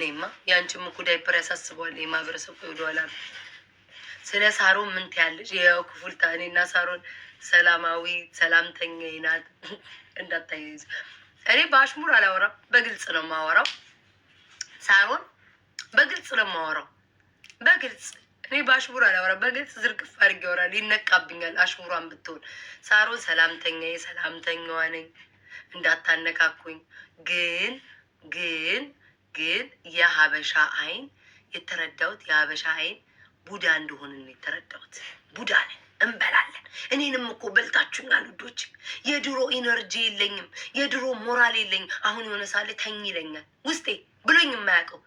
ነይማ የአንቺም እኮ ዳይፐር ያሳስበዋል። የማህበረሰብ ወደኋላ ነው። ስለ ሳሮን ምን ትያለሽ? ያው ክፉልታ እና ሳሮን ሰላማዊ ሰላምተኛ ናት እንዳታይዝ። እኔ በአሽሙር አላወራም፣ በግልጽ ነው የማወራው። ሳሮን በግልጽ ነው የማወራው፣ በግልጽ እኔ በአሽሙር አላወራም፣ በግልጽ ዝርግፍ አድርጌ አወራለሁ። ይነቃብኛል አሽሙሯን ብትሆን። ሳሮን ሰላምተኛ ሰላምተኛዋ ነኝ፣ እንዳታነካኩኝ ግን ግን ግን የሀበሻ አይን የተረዳሁት የሀበሻ አይን ቡዳ እንደሆንን የተረዳሁት። ቡዳ ነን እንበላለን። እኔንም እኮ በልታችሁኛል ውዶች። የድሮ ኢነርጂ የለኝም፣ የድሮ ሞራል የለኝም። አሁን የሆነ ሳለ ተኝ ይለኛል ውስጤ ብሎኝ የማያውቀው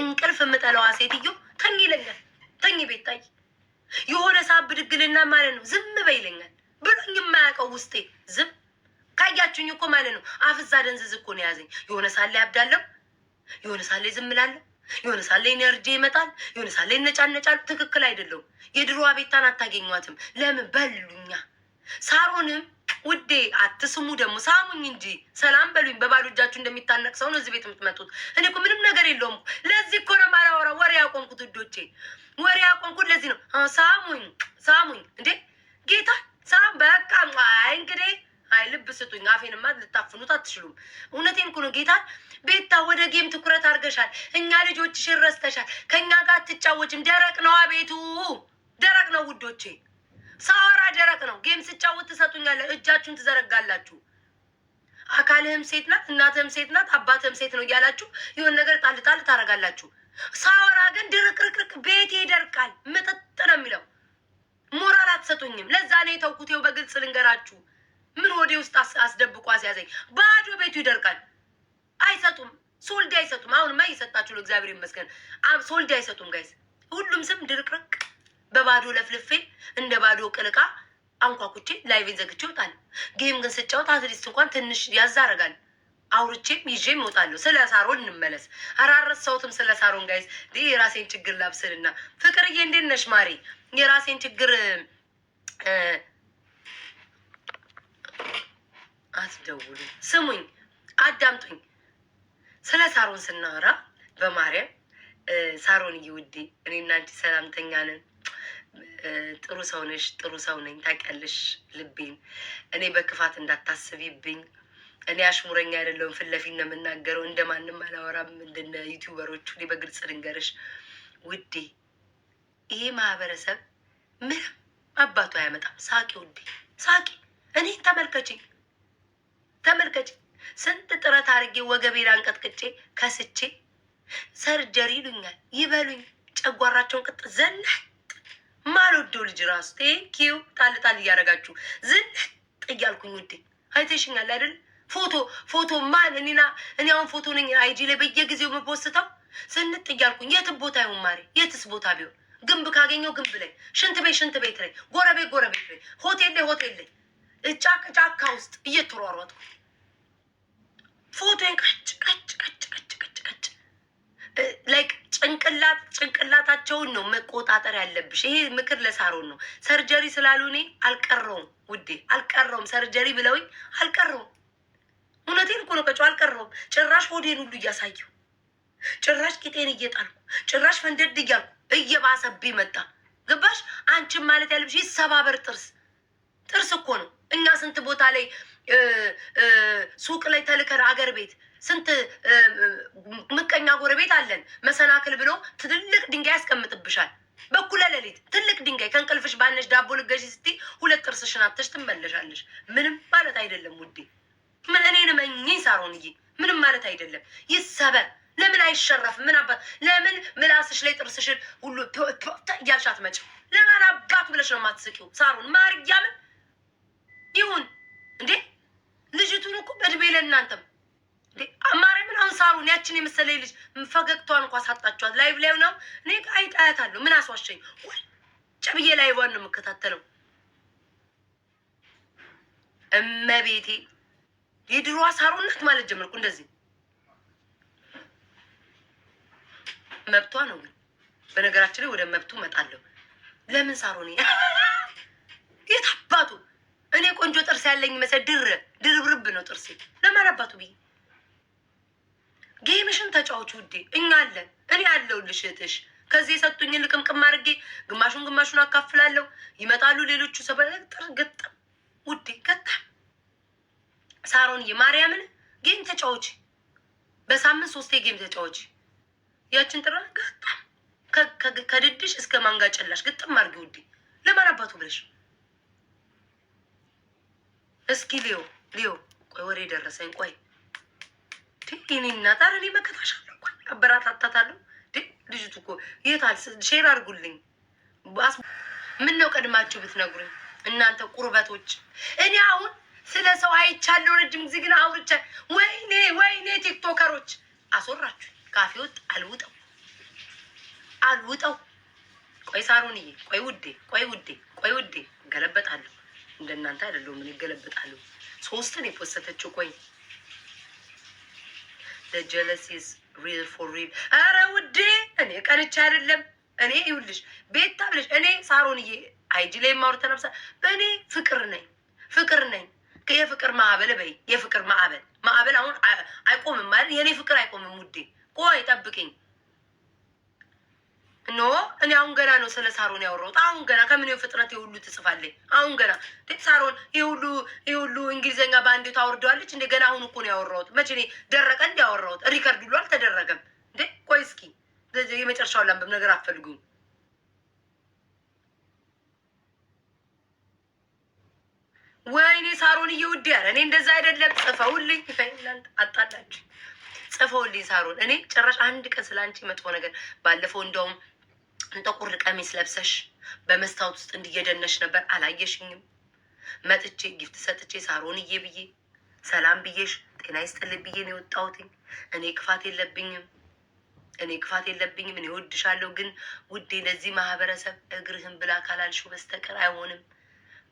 እንቅልፍ የምጠለዋ ሴትዮ ተኝ ይለኛል። ተኝ ታይ የሆነ ሳብ ብድግልና ማለት ነው ዝም በይ ይለኛል ብሎኝ የማያውቀው ውስጤ ዝም ካያችሁኝ እኮ ማለት ነው አፍዛ ደንዝዝ እኮ ነው የያዘኝ። የሆነ ሳለ ያብዳለሁ የሆነ ሳለ ዝም እላለሁ፣ የሆነ ሳለ ኢነርጂ ይመጣል፣ የሆነ ሳለ ይነጫነጫል። ትክክል አይደለሁም። የድሮዋ ቤታን አታገኟትም። ለምን በሉኛ። ሳሮንም ውዴ አትስሙ፣ ደግሞ ሳሙኝ እንጂ ሰላም በሉኝ። በባዶ እጃችሁ እንደሚታነቅ ሰው ነው እዚህ ቤት የምትመጡት። እኔ እኮ ምንም ነገር የለውም። ለዚህ እኮ ነው ማራወራ ወሬ ያቆምኩት፣ ውዶቼ ወሬ ያቆምኩት ለዚህ ነው። ሳሙኝ ሳሙኝ፣ እንዴ ጌታ ሳም በቃ ስጡኝ። አፌንማ ልታፍኑት አትችሉም። እውነቴን እኮ ነው። ጌታን ቤታ ወደ ጌም ትኩረት አድርገሻል። እኛ ልጆችሽን ረስተሻል። ከእኛ ጋር አትጫወችም። ደረቅ ነዋ አቤቱ፣ ደረቅ ነው ውዶቼ። ሳወራ ደረቅ ነው። ጌም ስጫወት ትሰጡኛለ፣ እጃችሁን ትዘረጋላችሁ። አካልህም ሴት ናት፣ እናትህም ሴት ናት፣ አባትህም ሴት ነው እያላችሁ የሆነ ነገር ጣል ጣል ታደርጋላችሁ። ሳወራ ግን ድርቅርቅርቅ ቤቴ ይደርቃል። ምጥጥ ነው የሚለው ሞራል አትሰጡኝም። ለዛ ነው የተውኩት። ይኸው በግልጽ ልንገራችሁ። ምን ወደ ውስጥ አስደብቆ አስያዘኝ። ባዶ ቤቱ ይደርቃል። አይሰጡም፣ ሶልድ አይሰጡም። አሁን ማ እየሰጣችሁ ለእግዚአብሔር ይመስገን። ሶልድ አይሰጡም ጋይስ። ሁሉም ስም ድርቅርቅ በባዶ ለፍልፌ እንደ ባዶ ቅልቃ አንኳኩቼ ላይቬን ዘግቼ ይወጣል። ጌም ግን ስጫወት አትሊስት እንኳን ትንሽ ያዛረጋል። አውርቼም ይዤም ይወጣለሁ። ስለ ሳሮን እንመለስ። ኧረ አልረሳሁትም ስለ ሳሮን ጋይስ። የራሴን ችግር ላብስልና ፍቅርዬ፣ እንዴት ነሽ ማሬ? የራሴን ችግር አትደውሉ። ስሙኝ፣ አዳምጡኝ። ስለ ሳሮን ስናወራ በማርያም ሳሮን እየውዴ እኔ አንቺ ሰላምተኛ ነን። ጥሩ ሰው ነሽ፣ ጥሩ ሰው ነኝ። ታውቂያለሽ ልቤን። እኔ በክፋት እንዳታስቢብኝ። እኔ አሽሙረኛ አይደለሁም። ፊት ለፊት ነው የምናገረው። እንደ ማንም አላወራም። እንደነ ዩቲዩበሮቹ እኔ በግልጽ ልንገርሽ ውዴ፣ ይህ ማህበረሰብ ምንም አባቱ አያመጣም። ሳቂ ውዴ፣ ሳቂ። እኔ ተመልከችኝ። ተመልከች፣ ስንት ጥረት አድርጌ ወገቤን አንቀጥቅጬ ከስቼ ሰርጀሪ ይሉኛል ይበሉኝ፣ ጨጓራቸውን ቅጥ ዘንጥ ማልወደው ልጅ ራሱ ቴንኪው ጣልጣል እያደረጋችሁ ዝናጥ እያልኩኝ ውዴ አይተሽኛል አይደል? ፎቶ ፎቶ ማን እኔና እኔ አሁን ፎቶ ነኝ አይጂ ላይ በየጊዜው የምፖስተው ስንጥ እያልኩኝ የትም ቦታ ይሁን ማሬ፣ የትስ ቦታ ቢሆን ግንብ ካገኘው ግንብ ላይ፣ ሽንት ቤት ሽንት ቤት ላይ፣ ጎረቤት ጎረቤት ላይ፣ ሆቴል ላይ ሆቴል ላይ ጫካ ጫካ ውስጥ እየተሯሯጡ ፎቶን ቀጭ ቀጭ ቀጭ ቀጭ ቀጭ ቀጭ ላይክ ጭንቅላት ጭንቅላታቸውን ነው መቆጣጠር ያለብሽ። ይሄ ምክር ለሳሮን ነው። ሰርጀሪ ስላሉ እኔ አልቀረውም ውዴ፣ አልቀረውም ሰርጀሪ ብለውኝ አልቀረውም። እውነቴን እኮ ነው። ቀጩ፣ አልቀረውም። ጭራሽ ሆዴን ሁሉ እያሳየው፣ ጭራሽ ቂጤን እየጣልኩ፣ ጭራሽ ፈንደድ እያልኩ እየባሰብኝ መጣ። ገባሽ? አንቺም ማለት ያለብሽ ይሰባበር ጥርስ ጥርስ እኮ ነው። እኛ ስንት ቦታ ላይ ሱቅ ላይ ተልከር አገር ቤት ስንት ምቀኛ ጎረቤት አለን። መሰናክል ብሎ ትልቅ ድንጋይ ያስቀምጥብሻል። በኩለ ሌሊት ትልቅ ድንጋይ ከእንቅልፍሽ ባነሽ ዳቦ ልገሽ ስትይ ሁለት ጥርስሽን አተሽ ትመለሻለሽ። ምንም ማለት አይደለም ውዴ፣ ምን እኔን መኝኝ ሳሮንዬ፣ ምንም ማለት አይደለም። ይሰበር ለምን አይሸረፍ? ምን አባት ለምን ምላስሽ ላይ ጥርስሽን ሁሉ እያልሽ አትመጭም? ለማን አባት ብለሽ ነው የማትስቂው? ሳሮን ማርያምን ይሁን እንዴ ልጅቱን እኮ በእድሜ ለእናንተም አማርያምን አንሳሩን ያችን የመሰለ ልጅ ፈገግታዋን እንኳ ሳጣችኋት። ላይቭ ላይ ነው እኔ አይጥ አያታለሁ። ምን አስዋሸኝ? ቁጭ ብዬ ላይቫን ነው የምከታተለው። እመቤቴ የድሮ አሳሩነት ማለት ጀመርኩ። እንደዚህ መብቷ ነው። ግን በነገራችን ላይ ወደ መብቱ መጣለሁ። ለምን የት የታባቱ እኔ ቆንጆ ጥርስ ያለኝ መሰ ድር ድርብርብ ነው ጥርሴ። ለማን አባቱ ብዬ ጌምሽን ተጫዎች ውዴ፣ እኛ አለን። እኔ አለሁልሽ እህትሽ። ከዚህ የሰጡኝን ልቅምቅም አድርጌ ግማሹን ግማሹን አካፍላለሁ። ይመጣሉ ሌሎቹ ሰበጥር ገጠም ውዴ፣ ገጠም ሳሮንዬ፣ ማርያምን ጌም ተጫዎች፣ በሳምንት ሶስቴ ጌም ተጫዎች። ያችን ጥራ ገጠም ከድድሽ እስከ ማንጋ ጨላሽ ግጥም አድርጌ ውዴ፣ ለማን አባቱ ብለሽ እስኪ ሊዮ ሊዮ፣ ቆይ ወሬ ደረሰኝ። ቆይ ይህን እናት ኧረ እኔ መከታሻለሁ። ቆይ አበራታታታለሁ። ልጅቱ እኮ የታል? ሼር አድርጉልኝ። ምን ነው ቀድማችሁ ብትነግሩኝ እናንተ ቁርበቶች። እኔ አሁን ስለ ሰው አይቻለሁ ረጅም ጊዜ ግን አውርቻ። ወይኔ ወይኔ፣ ቲክቶከሮች አስወራችሁ። ካፌ ውጥ አልውጠው አልውጠው። ቆይ ይ ቆይ ውዴ፣ ቆይ ውዴ፣ ቆይ ውዴ፣ ገለበጣለሁ እንደናንተ አይደለሁም። ምን ይገለብጣሉ። ሶስትን የፖሰተችው ቆይ ጀለሲስ ሪል ፎር ሪል። አረ ውዴ እኔ ቀንቻ አይደለም እኔ ይውልሽ ቤት ብለሽ እኔ ሳሮንዬ አይጂ ላይ የማወር ተነብሳ በእኔ ፍቅር ነኝ ፍቅር ነኝ የፍቅር ማዕበል በይ የፍቅር ማዕበል ማዕበል አሁን አይቆምም ማለት የእኔ ፍቅር አይቆምም ውዴ ቆይ ጠብቅኝ ኖ እኔ አሁን ገና ነው ስለ ሳሮን ያወራሁት። አሁን ገና ከምን ፍጥረት የሁሉ ትጽፋለች አሁን ገና ሳሮን የሁሉ የሁሉ እንግሊዝኛ በአንዴ ታወርደዋለች። እንደ ገና አሁን እኮ ነው ያወራሁት። መቼ እኔ ደረቀ እንዲ ያወራሁት ሪከርድ ሉ አልተደረገም እንዴ። ቆይ እስኪ የመጨረሻውን ላንብብ። ነገር አትፈልጉም ወይኔ ሳሮን እየውድ ያለ እኔ እንደዛ አይደለም። ጽፈውልኝ ይፈይላንድ አጣላችሁ ጽፈውልኝ ሳሮን እኔ ጭራሽ አንድ ቀን ስለ አንቺ መጥፎ ነገር ባለፈው እንደውም ጥቁር ቀሚስ ለብሰሽ በመስታወት ውስጥ እንዲየደነሽ ነበር። አላየሽኝም? መጥቼ ጊፍት ሰጥቼ ሳሮንዬ ብዬ ሰላም ብዬሽ ጤና ይስጥልኝ ብዬ ነው የወጣሁትኝ። እኔ ክፋት የለብኝም፣ እኔ ክፋት የለብኝም። እኔ ወድሻለሁ፣ ግን ውዴ ለዚህ ማህበረሰብ እግርህን ብላ ካላልሽው በስተቀር አይሆንም፣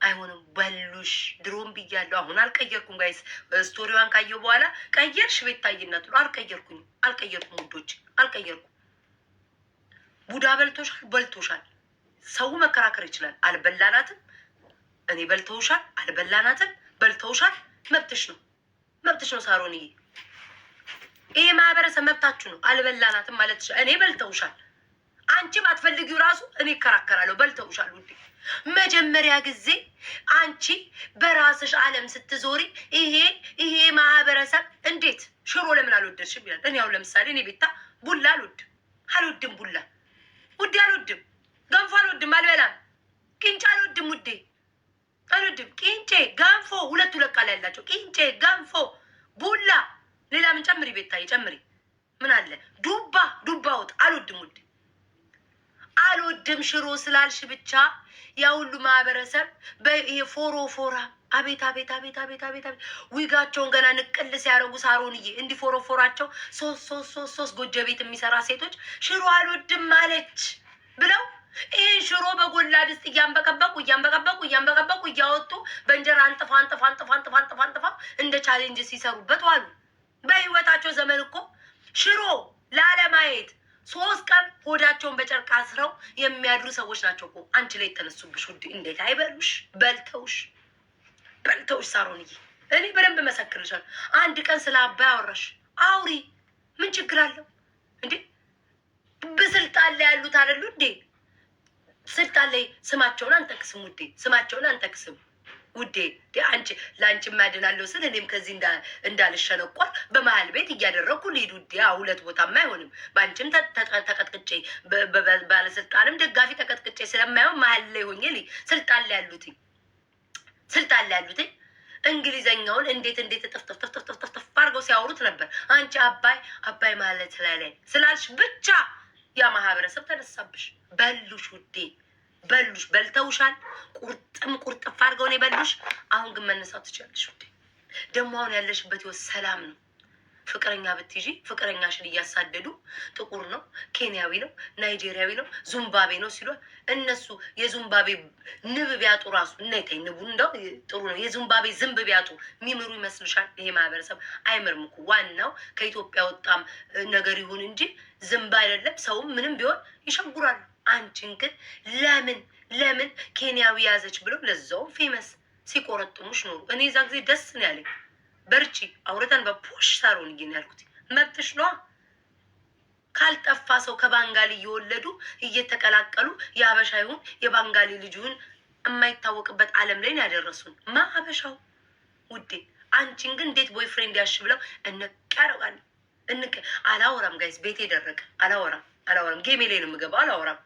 አይሆንም። በሉሽ ድሮም ብያለሁ። አሁን አልቀየርኩም ጋይስ። ስቶሪዋን ካየሁ በኋላ ቀየርሽ ቤት ታይናት አልቀየርኩኝ፣ አልቀየርኩም ውዶች፣ አልቀየርኩም ቡዳ በልቶሻል፣ በልቶሻል። ሰው መከራከር ይችላል። አልበላናትም፣ እኔ በልተውሻል፣ አልበላናትም፣ በልተውሻል። መብትሽ ነው፣ መብትሽ ነው መብትሽ ነው ሳሮን፣ ይሄ ማህበረሰብ መብታችሁ ነው። አልበላናትም ማለት እኔ በልተውሻል። አንቺ አትፈልጊው ራሱ እኔ እከራከራለሁ። በልተውሻል ውዴ። መጀመሪያ ጊዜ አንቺ በራስሽ ዓለም ስትዞሪ ይሄ ይሄ ማህበረሰብ እንዴት ሽሮ ለምን አልወደድሽም ይላል። እኔ አሁን ለምሳሌ እኔ ቤታ ቡላ አልወድም አልወድም ቡላ ውዴ አልወድም፣ ገንፎ አልወድም፣ አልበላም። ቅንጫ አልወድም ውዴ አልወድም። ቅንጬ ገንፎ ሁለት ሁለት ቃል ያላቸው ቅንጬ ገንፎ ቡላ ሌላ ምን ጨምሪ፣ ቤታዬ ጨምሪ። ምን አለ ዱባ ዱባ ወጥ አልወድም ውዴ አልወድም። ሽሮ ስላልሽ ብቻ ያ ሁሉ ማህበረሰብ በፎሮፎራ አቤት አቤት አቤት አቤት አቤት አቤት ዊጋቸውን ገና ንቅል ሲያደርጉ ሳሮንዬ እንዲፎረፎራቸው ሶስት ሶስት ሶስት ሶስት ጎጆ ቤት የሚሰራ ሴቶች ሽሮ አልወድም አለች ብለው ይህን ሽሮ በጎላ ድስት እያንበቀበቁ እያንበቀበቁ እያንበቀበቁ እያወጡ በእንጀራ አንጥፋ አንጥፋ አንጥፋ አንጥፋ አንጥፋ አንጥፋ እንደ ቻሌንጅ ሲሰሩበት ዋሉ። በህይወታቸው ዘመን እኮ ሽሮ ላለማየት ሶስት ቀን ሆዳቸውን በጨርቅ አስረው የሚያድሩ ሰዎች ናቸው እኮ አንቺ ላይ የተነሱብሽ። ውድ እንዴት አይበሉሽ? በልተውሽ በልተውሽ ሳሮንዬ፣ እኔ በደንብ መሰክርሻል። አንድ ቀን ስለ አባይ አወራሽ አውሪ፣ ምን ችግር አለው እንዴ? በስልጣን ላይ ያሉት አይደሉ እንዴ? ስልጣን ላይ ስማቸውን አንጠቅስም ውዴ፣ ስማቸውን አንጠቅስም ውዴ። አንቺ ለአንቺ ማድናለሁ ስል እኔም ከዚህ እንዳልሸነቆር በመሀል ቤት እያደረግኩ ልሂድ ውዴ። ሁለት ቦታማ አይሆንም። በአንቺም ተቀጥቅጬ ባለስልጣንም ደጋፊ ተቀጥቅጬ ስለማይሆን መሀል ላይ ሆኜ ስልጣን ላይ ያሉትኝ ስልጣን ላይ ያሉት እንግሊዘኛውን እንዴት እንዴት ጥፍጥፍጥፍጥፍጥፍ አድርገው ሲያወሩት ነበር። አንቺ አባይ አባይ ማለት ላይ ስላልሽ ብቻ ያ ማህበረሰብ ተነሳብሽ። በሉሽ ውዴ በሉሽ፣ በልተውሻል። ቁርጥም ቁርጥፍ አድርገውን የበሉሽ። አሁን ግን መነሳት ትችላለሽ ውዴ። ደግሞ አሁን ያለሽበት ህይወት ሰላም ነው። ፍቅረኛ ፍቅረኛ ፍቅረኛሽን እያሳደዱ ጥቁር ነው፣ ኬንያዊ ነው፣ ናይጄሪያዊ ነው፣ ዙምባቤ ነው ሲሏ እነሱ የዙምባቤ ንብ ቢያጡ ራሱ እናይታይ ንቡ እንደው ጥሩ ነው። የዙምባቤ ዝንብ ቢያጡ የሚምሩ ይመስልሻል? ይሄ ማህበረሰብ አይምርም እኮ ዋናው ከኢትዮጵያ ወጣም ነገር ይሁን እንጂ ዝንብ አይደለም። ሰውም ምንም ቢሆን ይሸጉራሉ። አንቺን ግን ለምን ለምን ኬንያዊ ያዘች ብለው ለዛውም ፌመስ ሲቆረጥሙሽ ኖሩ። እኔ ዛ ጊዜ ደስ ነው ያለኝ። በርቺ አውርተን በፑሽ ሳሮን ግን ያልኩት መብትሽ ነዋ። ካልጠፋ ሰው ከባንጋሊ እየወለዱ እየተቀላቀሉ የሀበሻ ይሁን የባንጋሊ ልጅሁን የማይታወቅበት ዓለም ላይ ያደረሱን ማ ሀበሻው ውዴ። አንቺን ግን እንዴት ቦይፍሬንድ ያሽ ብለው እንቀረዋል። እንቀ አላወራም ጋይስ፣ ቤቴ ደረቀ። አላወራም አላወራም፣ ጌሜ ላይ ነው የምገባው። አላወራም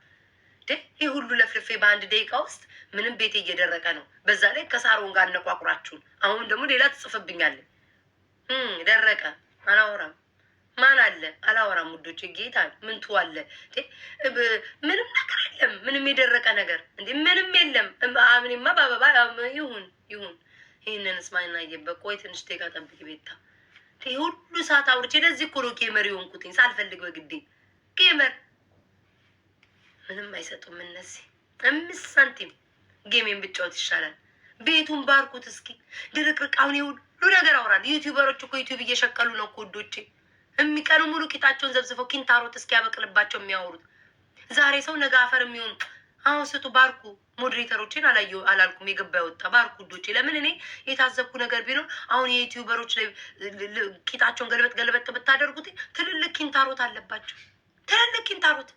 ይህ ሁሉ ለፍልፌ በአንድ ደቂቃ ውስጥ ምንም ቤቴ እየደረቀ ነው። በዛ ላይ ከሳሮን ጋር ነቋቁራችሁን። አሁን ደግሞ ሌላ ትጽፍብኛለን። ደረቀ አላወራም። ማን አለ አላወራም። ውዶች ጌታ ምን ትዋለ? ምንም ነገር የለም። ምንም የደረቀ ነገር እንዲ ምንም የለም። ምንማ በአበባ ይሁን ይሁን። ይህንን እስማኝና እየበቅ ቆይ ትንሽ ቴጋ ጠብቅ ቤታ። ሁሉ ሰዓት አውርቼ ለዚህ ጌመር የሆንኩትኝ ሳልፈልግ በግዴ ጌመር ምንም አይሰጡም እነዚህ። አምስት ሳንቲም ጌሜን ብጫወት ይሻላል። ቤቱን ባርኩት እስኪ ድርቅርቅ። አሁን የሁሉ ነገር አውራል። ዩቲዩበሮች እኮ ዩቲዩብ እየሸቀሉ ነው እኮ ወዶቼ። የሚቀኑ ሙሉ ቂጣቸውን ዘብዝፈው ኪንታሮት እስኪ ያበቅልባቸው የሚያወሩት ዛሬ ሰው ነገ አፈር የሚሆን አሁን ስጡ ባርኩ። ሞዴሬተሮችን አላየ አላልኩም፣ የገባ የወጣ ባርኩ ዶቼ። ለምን እኔ የታዘብኩ ነገር ቢኖር አሁን የዩቲዩበሮች ቂጣቸውን ገልበጥ ገልበጥ ብታደርጉት ትልልቅ ኪንታሮት አለባቸው። ትልልቅ ኪንታሮት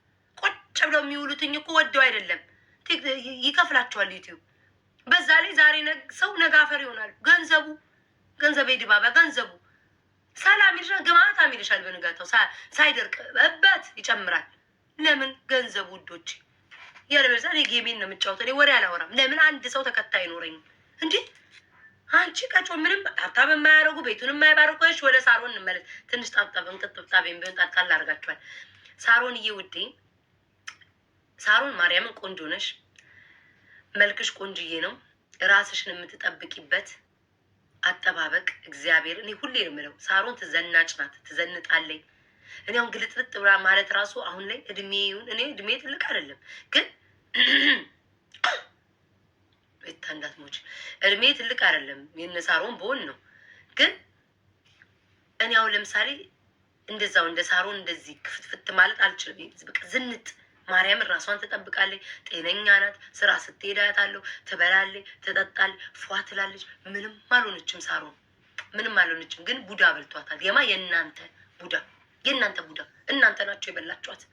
ቁጭ ብለው የሚውሉትኝ እኮ ወደው አይደለም፣ ይከፍላቸዋል ዩቲዩብ። በዛ ላይ ዛሬ ሰው ነገ አፈር ይሆናል። ገንዘቡ ገንዘብ ድባባ ገንዘቡ ሰላም ይልሻል፣ ግማታም ይልሻል። በንጋታው ሳይደርቅ እበት ይጨምራል። ለምን ገንዘቡ ውዶች የለበዛ እኔ ጌሜን ነው የምጫወተው። እኔ ወሬ አላወራም። ለምን አንድ ሰው ተከታይ አይኖረኝም እንዴ? አንቺ ቀጮ ምንም ሀብታም የማያደርጉ ቤቱን የማይባርኮች ወደ ሳሮን እንመለስ። ትንሽ ጣብጣብ እንቅጥብጣብ ቢሆን ጣልቃ ሳሮን ሳሮንዬ ውዴ ሳሮን ማርያምን ቆንጆ ነሽ፣ መልክሽ ቆንጅዬ ነው። ራስሽን የምትጠብቂበት አጠባበቅ እግዚአብሔር እኔ ሁሌ ነው የምለው። ሳሮን ትዘናጭ ናት፣ ትዘንጣለኝ። እኔ አሁን ግልጥልጥ ብላ ማለት ራሱ አሁን ላይ እድሜ ይሁን እኔ እድሜ ትልቅ አይደለም ግን ቤታንዳትሞች እድሜ ትልቅ አይደለም ሳሮን በሆን ነው ግን እኔ አሁን ለምሳሌ እንደዛው እንደ ሳሮን እንደዚህ ክፍትፍት ማለት አልችልም። በቃ ዝንጥ ማርያምን ራሷን ትጠብቃለች፣ ጤነኛ ናት። ስራ ስትሄድ አያታለሁ። ትበላለች፣ ትጠጣለች፣ ፏ ትላለች። ምንም አልሆነችም። ሳሮ ምንም አልሆነችም፣ ግን ቡዳ በልቷታል። የማ የእናንተ ቡዳ የእናንተ ቡዳ እናንተ ናቸው የበላችኋት።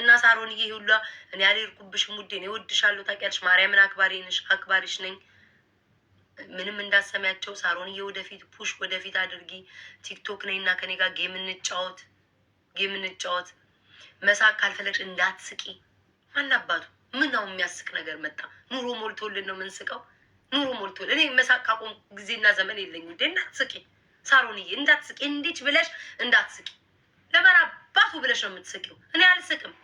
እና ሳሮን ይሄ ሁላ እኔ አልሄድኩብሽም ውዴ፣ እኔ እወድሻለሁ። ታውቂያለሽ፣ ማርያምን አክባሪ ነሽ፣ አክባሪሽ ነኝ። ምንም እንዳሰሚያቸው ሳሮንዬ፣ ወደፊት ፑሽ፣ ወደፊት አድርጊ። ቲክቶክ ነኝ እና ከኔ ጋር ጌም እንጫወት፣ ጌም እንጫወት መሳቅ ካልፈለግሽ እንዳትስቂ። ማናባቱ ምን ነው የሚያስቅ ነገር መጣ? ኑሮ ሞልቶልን ነው የምንስቀው። ኑሮ ሞልቶልን እኔ መሳቅ ካቆም ጊዜና ዘመን የለኝ። እንዳትስቂ ሳሮንዬ፣ እንዳትስቂ እንዲች ብለሽ እንዳትስቂ። ለመራባቱ ብለሽ ነው የምትስቂው። እኔ አልስቅም።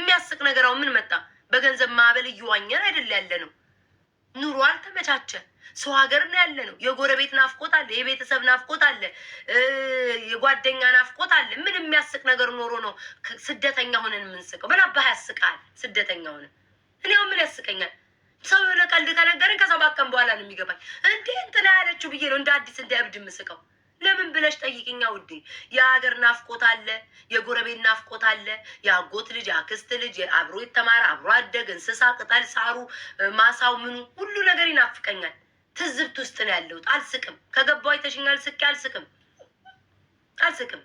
የሚያስቅ ነገር አሁን ምን መጣ? በገንዘብ ማዕበል እየዋኘን አይደል ያለ ነው። ኑሮ አልተመቻቸ። ሰው ሀገር ነው ያለ ነው። የጎረቤት ናፍቆት አለ፣ የቤተሰብ ናፍቆት አለ፣ የጓደኛ ናፍቆት አለ። ምን የሚያስቅ ነገር ኖሮ ነው ስደተኛ ሆነን የምንስቀው? ምን አባህ ያስቃል ስደተኛ ሆነ እኔ ምን ያስቀኛል? ሰው የሆነ ቀልድ ከነገረኝ ከሰባት ቀን በኋላ ነው የሚገባኝ። እንዴ እንትና ያለችው ብዬ ነው እንደ አዲስ እንደ እብድ የምስቀው። ለምን ብለሽ ጠይቅኛ ውዴ። የሀገር ናፍቆት አለ፣ የጎረቤት ናፍቆት አለ። የአጎት ልጅ፣ የአክስት ልጅ፣ አብሮ የተማረ አብሮ አደግ፣ እንስሳ፣ ቅጠል፣ ሳሩ፣ ማሳው፣ ምኑ ሁሉ ነገር ይናፍቀኛል። ትዝብት ውስጥ ነው ያለሁት። አልስቅም። ከገባሁ አይተሽኛል። ስቄ አልስቅም፣ አልስቅም፣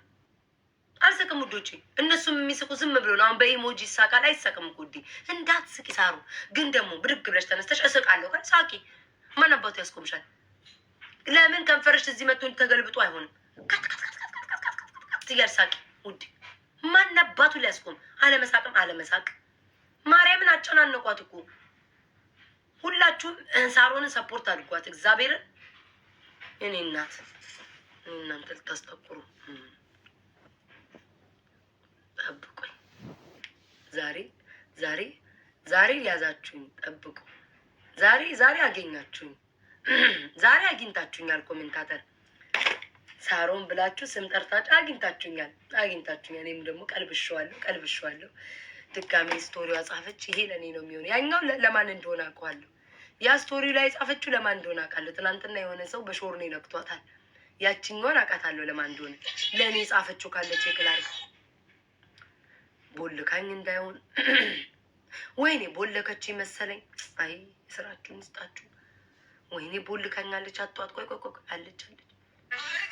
አልስቅም ውዶቼ። እነሱም የሚስቁ ዝም ብሎ ነው። አሁን በኢሞጂ ይሳቃል። አይሳቅም እኮ ውዴ። እንዳትስቂ ሳሩ። ግን ደግሞ ብድግ ብለሽ ተነስተሽ እስቃለሁ። ሳቂ። ማን አባቱ ያስቆምሻል? ለምን ከንፈርሽ እዚህ መቶ ተገልብጦ አይሆንም? ትያል ሳቂ ውድ ማናባቱ ሊያስቆም አለመሳቅም አለመሳቅ ማርያምን አጨናነቋት እኮ ሁላችሁም ሳሮንን ሰፖርት አድርጓት። እግዚአብሔርን እኔ እናት እናንተ ልታስጠቁሩ ጠብቁኝ። ዛሬ ዛሬ ዛሬ ያዛችሁኝ ጠብቁ። ዛሬ ዛሬ አገኛችሁኝ። ዛሬ አግኝታችሁኛል። ኮሜንታተር ሳሮን ብላችሁ ስም ጠርታችሁ አግኝታችሁኛል፣ አግኝታችሁኛል። እኔም ደግሞ ቀልብሸዋለሁ፣ ቀልብሸዋለሁ። ድጋሚ ስቶሪዋ ጻፈች። ይሄ ለእኔ ነው የሚሆነው። ያኛው ለማን እንደሆነ አውቀዋለሁ። ያ ስቶሪ ላይ ጻፈችው ለማን እንደሆነ አውቃለሁ። ትናንትና የሆነ ሰው በሾርኔ ነክቷታል። ያችኛውን አውቃታለሁ ለማን እንደሆነ። ለእኔ ጻፈችው ካለች የክላር ቦልካኝ እንዳይሆን ወይኔ ቦለከች መሰለኝ። አይ ስራችሁን ስጣችሁ። ወይኔ ቦልካኛ አለች። አጧት ቆይ ቆይ ቆይ አለች አለች